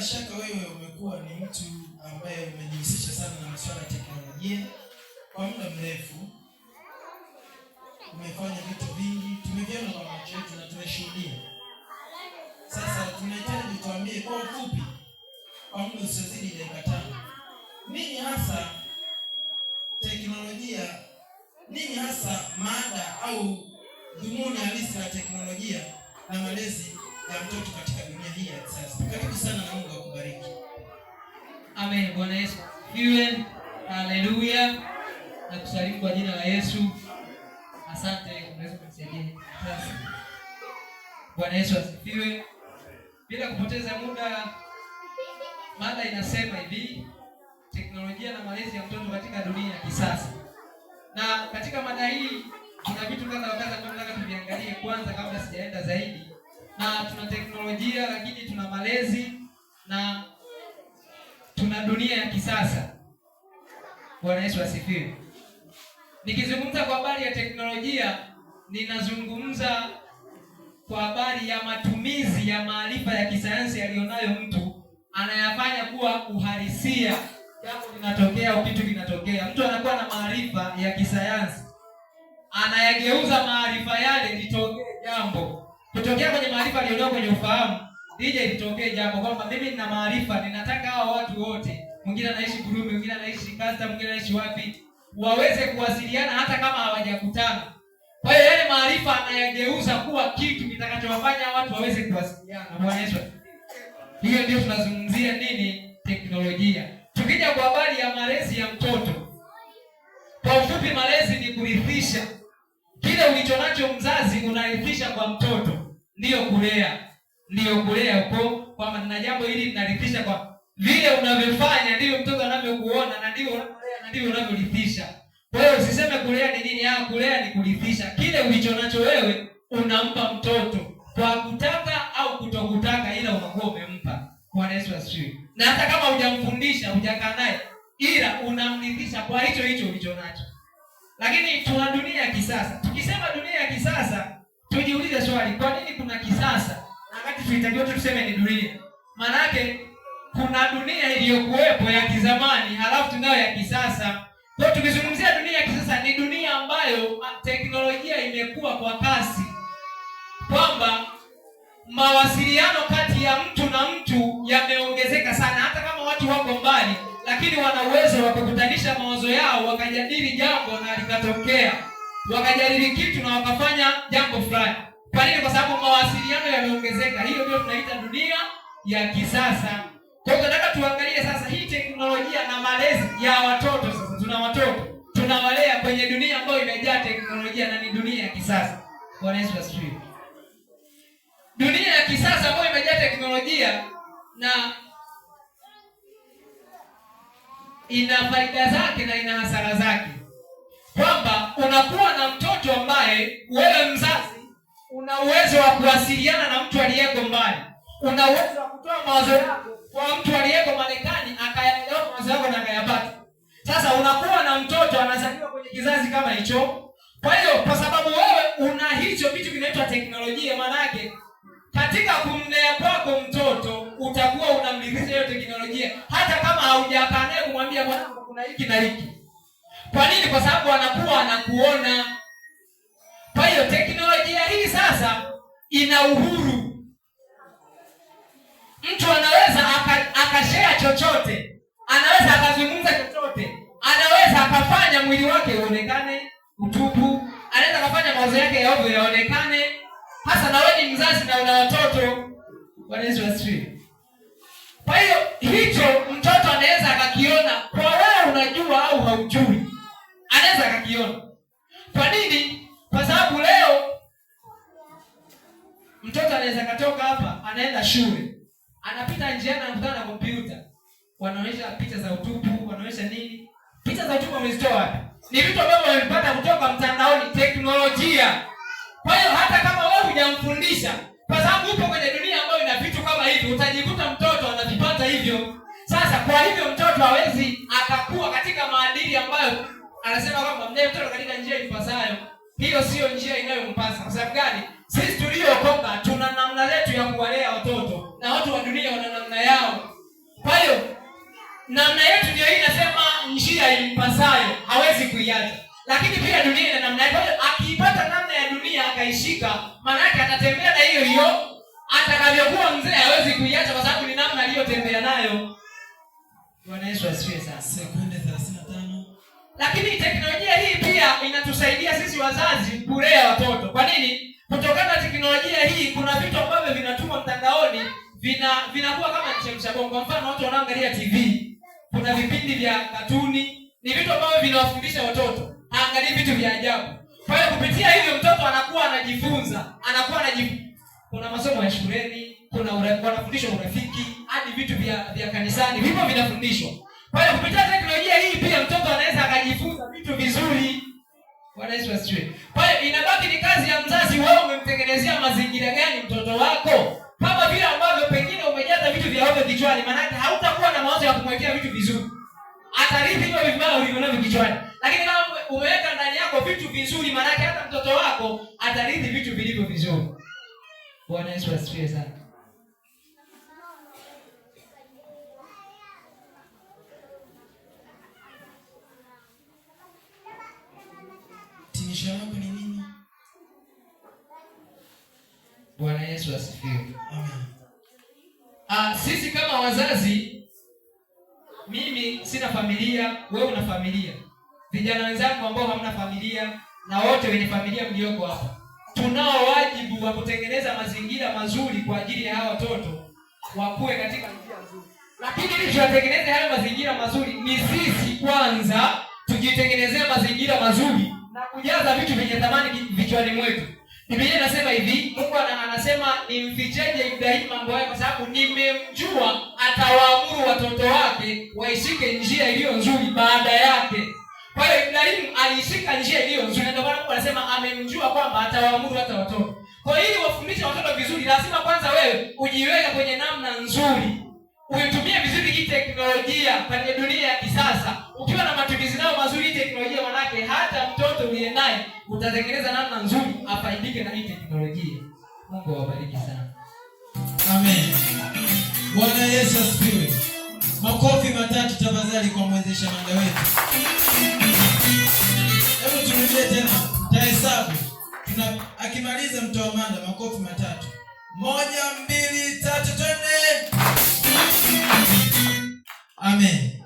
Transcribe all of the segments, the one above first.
Bila shaka wewe umekuwa ni mtu ambaye umejihusisha sana na masuala ya teknolojia kwa muda mrefu, umefanya vitu vingi, tumeviona kwa macho yetu na tumeshuhudia. Sasa tunahitaji tuambie kwa ufupi, kwa muda usiozidi dakika tano, nini hasa teknolojia, nini hasa maada au dhumuni halisi la teknolojia na malezi ya mtoto katika dunia hii ya sasa. Karibu sana na Mungu akubariki. Amen. Bwana Yesu iwe. Haleluya. kusalimu kwa jina la Yesu. Asante, unaweza kunisaidia. Bwana Yesu asifiwe. Bila kupoteza muda, mada inasema hivi: teknolojia na malezi ya mtoto katika dunia ya kisasa. Na katika mada hii kuna vitu kadha tuviangalie kwanza, kabla sijaenda zaidi na tuna teknolojia, lakini tuna malezi na tuna dunia ya kisasa. Bwana Yesu asifiwe. Nikizungumza kwa habari ya teknolojia, ninazungumza kwa habari ya matumizi ya maarifa ya kisayansi aliyonayo mtu, anayafanya kuwa uhalisia. Jambo linatokea au kitu kinatokea, mtu anakuwa na maarifa ya kisayansi, anayageuza maarifa yale litokee jambo kutokea kwenye maarifa aliyonayo kwenye ufahamu, lije litokee jambo kwamba mimi nina maarifa, ninataka hao watu wote, mwingine anaishi Burundi, mwingine anaishi Kasta, mwingine anaishi wapi, waweze kuwasiliana hata kama hawajakutana. Kwa hiyo yale maarifa anayageuza kuwa kitu kitakachowafanya watu waweze kuwasiliana. Bwana Yesu, hiyo ndio tunazungumzia nini, teknolojia. Tukija kwa habari ya malezi ya mtoto, kwa ufupi, malezi ni kurithisha Kile ulichonacho mzazi unarithisha kwa mtoto, ndiyo kulea, ndiyo kulea uko kwamba nina jambo hili ninarithisha kwa vile unavyofanya, ndivyo mtoto anavyokuona na ndivyo unavyolea na ndivyo unavyorithisha. Kwa hiyo usiseme kulea ni nini? Ah, kulea ni kurithisha. Kile ulicho nacho wewe unampa mtoto kwa kutaka au kutokutaka, ila unakuwa umempa. Bwana Yesu asifiwe. Na hata kama hujamfundisha, hujakaa naye, ila unamrithisha kwa hicho hicho nacho. Lakini tuna dunia ya kisasa. Tukisema dunia ya kisasa, tujiulize swali, kwa nini kuna kisasa? Na wakati tunatakiwa tuseme ni dunia. Maana yake kuna dunia iliyokuwepo ya kizamani, halafu tunayo ya kisasa. Kwa hiyo tukizungumzia dunia ya kisasa ni dunia ambayo teknolojia imekuwa kwa kasi kwamba mawasiliano kati ya mtu na mtu yameongezeka sana, hata kama watu wako mbali lakini wana uwezo wa kukutanisha mawazo yao, wakajadili jambo na likatokea, wakajadili kitu na wakafanya jambo fulani. Kwa nini? Kwa sababu mawasiliano yameongezeka. Hiyo ndio tunaita dunia ya kisasa. Kwa hiyo nataka tuangalie sasa hii teknolojia na malezi ya watoto. Sasa tuna watoto tunawalea kwenye dunia ambayo imejaa teknolojia na ni dunia ya kisasa. Bwana Yesu asifiwe. Dunia ya kisasa ambayo imejaa teknolojia na ina faida zake na ina hasara zake, kwamba unakuwa na mtoto ambaye wewe mzazi una uwezo wa kuwasiliana na mtu aliyeko mbali, una uwezo wa kutoa mawazo yako kwa mtu aliyeko Marekani akayaelewa mawazo yako na akayapata. Sasa unakuwa na mtoto anazaliwa kwenye kizazi kama hicho. Kwa hiyo kwa sababu wewe una hicho vitu vinaitwa teknolojia, maana katika kumlea kwako mtoto utakuwa unamlizia hiyo teknolojia hata kama haujakaa kumwambia mwanangu, kuna hiki na hiki. Kwa nini? Kwa sababu anakuwa anakuona. Kwa hiyo teknolojia hii sasa ina uhuru, mtu anaweza akashare aka chochote, anaweza akazungumza chochote, anaweza akafanya mwili wake uonekane utupu, anaweza akafanya mawazo yake ya ovyo yaonekane. Hasa na wewe ni mzazi na una watoto, Bwana Yesu asifiwe. Kwa hiyo hicho anaweza akakiona kwa wewe unajua au haujui, anaweza akakiona. Kwa nini? Kwa sababu leo mtoto anaweza katoka hapa, anaenda shule, anapita njiani, anakutana na kompyuta, wanaonyesha picha za utupu, wanaonyesha nini. Picha za utupu wamezitoa wapi? Ni vitu ambavyo wamepata kutoka mtandaoni, teknolojia. Kwa hiyo hata kama wewe hujamfundisha, kwa sababu upo kwenye dunia ambayo ina vitu kama hivi, utajikuta mtoto kwa hivyo mtoto hawezi akakuwa katika maadili ambayo anasema kwamba mlee mtoto katika njia ipasayo. Hiyo siyo njia inayompasa. Kwa sababu gani? Sisi tuliokoka tuna namna yetu ya kuwalea watoto na watu wa dunia wana namna yao. Kwa hiyo namna yetu ndio hii inasema njia ipasayo hawezi kuiacha. Lakini pia dunia ina namna yake. Akiipata namna ya dunia akaishika, maana yake atatembea na hiyo hiyo. Atakavyokuwa mzee hawezi kuiacha kwa sababu ni namna aliyotembea nayo. Bwana Yesu asifiwe sana. Sekunde 35. Lakini teknolojia hii pia inatusaidia sisi wazazi kulea watoto. Kwa nini? Kutokana na teknolojia hii kuna vitu ambavyo vinatumwa mtandaoni vina vinakuwa kama chemsha bongo. Kwa mfano watu wanaangalia TV. Kuna vipindi vya katuni, ni vitu ambavyo vinawafundisha watoto. Haangalii vitu vya ajabu. Kwa hiyo kupitia hivyo mtoto anakuwa anajifunza, anakuwa anajifunza. Kuna masomo ya shuleni, kuna wanafundishwa urafiki, hadi vitu vya, vya kanisani vipo vinafundishwa. Kwa hiyo kupitia teknolojia hii maisha yangu ni nini? Bwana Yesu asifiwe. Amen. Ah, sisi kama wazazi, mimi sina familia, wewe una familia, vijana wenzangu ambao hamna familia na wote wenye familia mlioko hapa, tunao wajibu wa kutengeneza mazingira mazuri kwa ajili ya hawa watoto wakuwe katika njia nzuri, lakini ili tuyatengeneze hayo mazingira mazuri, ni sisi kwanza tujitengenezee mazingira mazuri na kujaza vitu vyenye thamani vichwani mwetu. Biblia inasema hivi, Mungu anasema nimficheje Ibrahimu mambo yake, kwa sababu nimemjua, atawaamuru watoto wake waishike njia iliyo nzuri baada yake. Kwa hiyo Ibrahimu alishika njia iliyo nzuri, ndio maana Mungu anasema amemjua kwamba atawaamuru hata watoto. Kwa hiyo ili wafundishe watoto vizuri, lazima kwanza wewe ujiweke kwenye namna nzuri umetumia vizuri hii teknolojia kwenye dunia ya kisasa. Ukiwa na matumizi nayo mazuri hii teknolojia, manake hata mtoto uliye naye utatengeneza namna nzuri afaidike na hii teknolojia. Mungu awabariki sana, amen. Bwana Yesu asifiwe. Makofi matatu tafadhali kwa mwezesha manda wetu. Hebu turudie tena, tahesabu tuna, akimaliza mtoa manda makofi matatu. Moja, mbili, tatu, twende. Amen.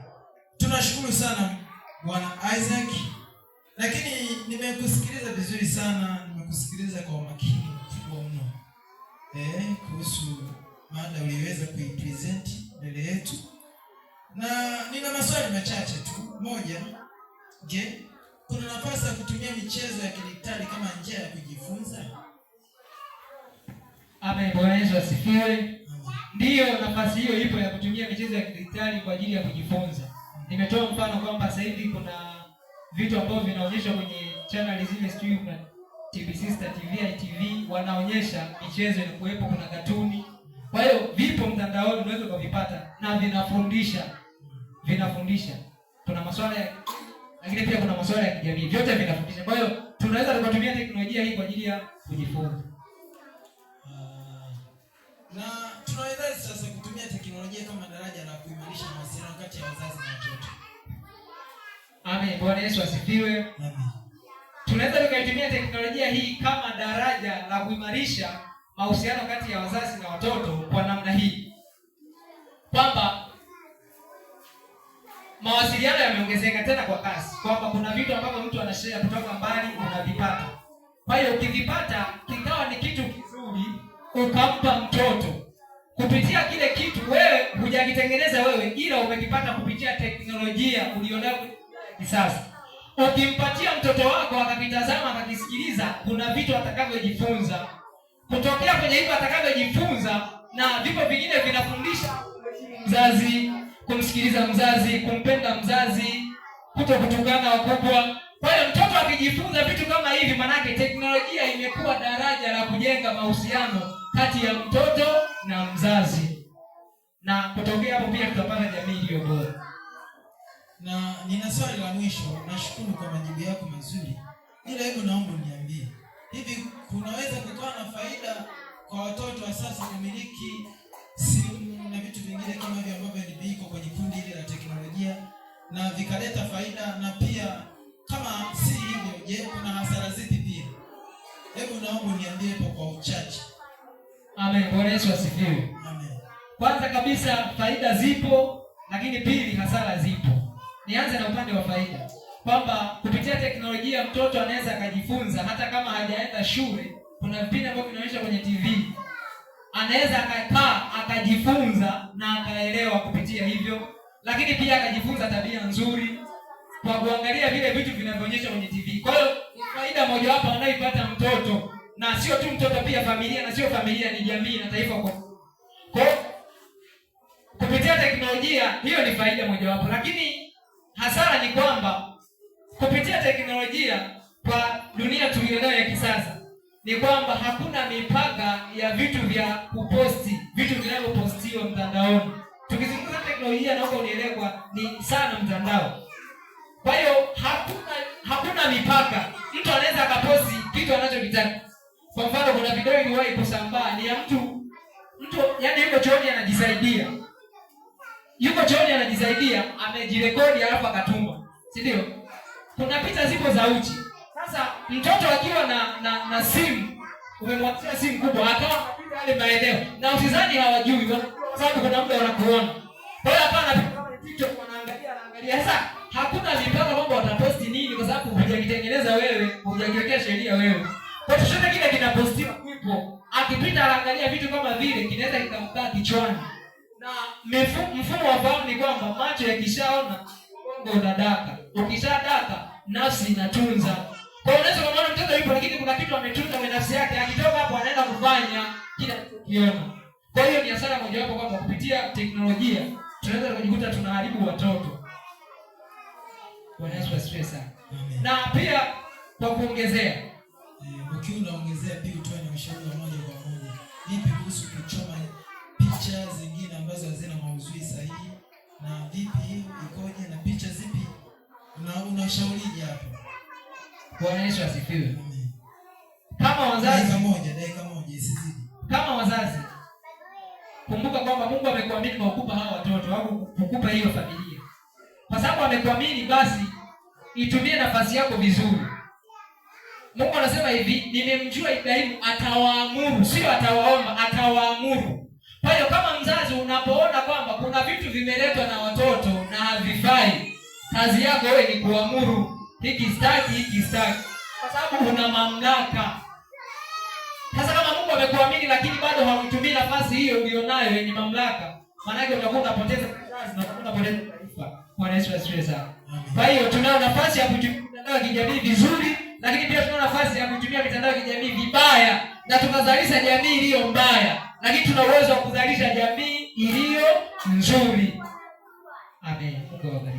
Tunashukuru sana Bwana Isaac, lakini nimekusikiliza vizuri sana, nimekusikiliza kwa umakini mkubwa mno eh, kuhusu mada uliweza kuipresent mbele yetu, na nina maswali machache tu. Moja, je, kuna nafasi ya kutumia michezo ya kidijitali kama njia ya kujifunza? Amen. Bwana Yesu asifiwe. Ndiyo, nafasi hiyo ipo ya kutumia michezo ya kidijitali kwa ajili ya kujifunza. Nimetoa mfano kwamba sasa hivi kuna vitu ambavyo vinaonyeshwa kwenye channel zile, sijui kuna TV Sister TV, ITV, wanaonyesha michezo inakuwepo, kuna katuni. Kwa hiyo vipo mtandaoni, unaweza ukavipata na vinafundisha, vinafundisha. Kuna masuala ya lakini pia kuna masuala ya kijamii, vyote vinafundisha. Kwa hiyo tunaweza tukatumia teknolojia hii kwa ajili ya kujifunza ah, na tunawezaje sasa kutumia teknolojia kama daraja la kuimarisha mawasiliano kati ya wazazi na watoto. Amen. Bwana Yesu asifiwe. Amen. Tunaweza tukaitumia teknolojia hii kama daraja la kuimarisha mahusiano kati ya wazazi na watoto kwa namna hii kwamba mawasiliano yameongezeka tena kwa kasi, kwamba kuna vitu ambavyo mtu anashare kutoka mbali unavipata. Kwa hiyo ukivipata kikawa ni kitu kizuri, ukampa mtoto kupitia kile kitu wewe hujakitengeneza wewe, ila umekipata kupitia teknolojia ulionayo kisasa. Ukimpatia mtoto wako akakitazama akakisikiliza, kuna vitu atakavyojifunza kutokea kwenye hivyo atakavyojifunza, na vipo vingine vinafundisha mzazi, kumsikiliza mzazi, kumpenda mzazi, kuto kutukana wakubwa. Kwa hiyo mtoto akijifunza vitu kama hivi, maanake teknolojia imekuwa daraja la kujenga mahusiano kati ya mtoto na mzazi, na kutokea hapo pia tutapata jamii iliyo bora. Na nina swali la mwisho, nashukuru kwa majibu yako mazuri, ila hebu naomba uniambie, hivi kunaweza kutoa na faida kwa watoto wa sasa kumiliki simu na vitu vingine kama hivyo ambavyo viko kwenye kundi ile la teknolojia na vikaleta faida, na pia kama si hivyo, je, kuna hasara zipi pia? Hebu naomba uniambie hapo kwa uchache. Amen. Bwana Yesu asifiwe. Kwanza kabisa faida zipo, lakini pili hasara zipo. Nianze na upande wa faida kwamba kupitia teknolojia mtoto anaweza akajifunza hata kama hajaenda shule. Kuna vipindi ambavyo vinaonyesha kwenye TV, anaweza akakaa akajifunza na akaelewa kupitia hivyo, lakini pia akajifunza tabia nzuri kwa kuangalia vile vitu vinavyoonyesha kwenye TV. Kwa hiyo faida mojawapo anaipata mtoto na sio tu mtoto, pia familia, na sio familia, ni jamii na taifa kwa kupitia teknolojia. Hiyo ni faida mojawapo, lakini hasara ni kwamba kupitia teknolojia kwa dunia tuliyonayo ya kisasa ni kwamba hakuna mipaka ya vitu vya kuposti, vitu vinavyopostiwa mtandaoni. Tukizungumza teknolojia, naomba unielekwa ni sana mtandao. Kwa hiyo hakuna hakuna mipaka, mtu anaweza akaposti kitu anachokitaka. Kwa mfano kuna video iliwahi kusambaa ni ya mtu mtu, yani yuko chooni anajisaidia, yuko chooni anajisaidia, amejirekodi alafu akatuma, si ndio? Kuna picha zipo za uchi. Sasa mtoto akiwa na na, na simu umemwatia simu kubwa, hata anapita yale maeneo na usizani hawajui, kwa sababu kuna mtu anakuona. Kwa hiyo hapana picha kwenye TikTok, wanaangalia anaangalia. Sasa hakuna mipaka kwamba wataposti nini, kwa sababu hujajitengeneza wewe, hujajiwekea sheria wewe. Chochote kile kinapostiwa kwipo, akipita anaangalia vitu kama vile kinaweza kikamkaa kichwani, na mfumo wa fahamu ni kwamba macho yakishaona ubongo unadaka, ukishadaka nafsi inatunza. Kwa hiyo unaweza kumwona mtoto yupo, lakini kuna kitu ametunza kwa nafsi yake, akitoka hapo anaenda kufanya kila kiona. Kwa hiyo ni hasara mojawapo kwamba kupitia teknolojia tunaweza kujikuta tunaharibu watoto. Bwana Yesu asifiwe sana. Na pia kwa kuongezea ukiwa unaongezea pia utoe na ushauri moja kwa Vipi kuhusu kuchoma picha zingine ambazo hazina mauzui sahihi, na vipi hiyo ikoje, na picha zipi na unashaurije hapo? Bwana Yesu asifiwe. Kama wazazi, dakika moja, dakika moja isizidi. Kama wazazi, kumbuka kwamba Mungu amekuamini kwa kukupa hawa watoto au kukupa hiyo familia, kwa sababu amekuamini, basi itumie nafasi yako vizuri. Mungu anasema hivi, nimemjua Ibrahimu atawaamuru, sio atawaomba, atawaamuru. Kwa hiyo kama mzazi unapoona kwamba kuna vitu vimeletwa na watoto na havifai, kazi yako wewe ni kuamuru, hiki staki, hiki staki, kwa sababu una mamlaka. Sasa kama Mungu amekuamini lakini bado hamtumii nafasi hiyo ulionayo yenye mamlaka, maana yake utakuwa unapoteza kazi na unapoteza taifa. Bwana Yesu asifiwe sana. Kwa hiyo tunayo nafasi ya kujifunza kijamii vizuri lakini pia tuna nafasi ya kutumia mitandao ya kijamii vibaya na tukazalisha jamii iliyo mbaya, lakini tuna uwezo wa kuzalisha jamii iliyo nzuri. Amen.